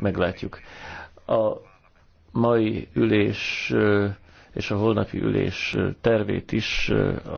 meglátjuk. A mai ülés és a holnapi ülés tervét is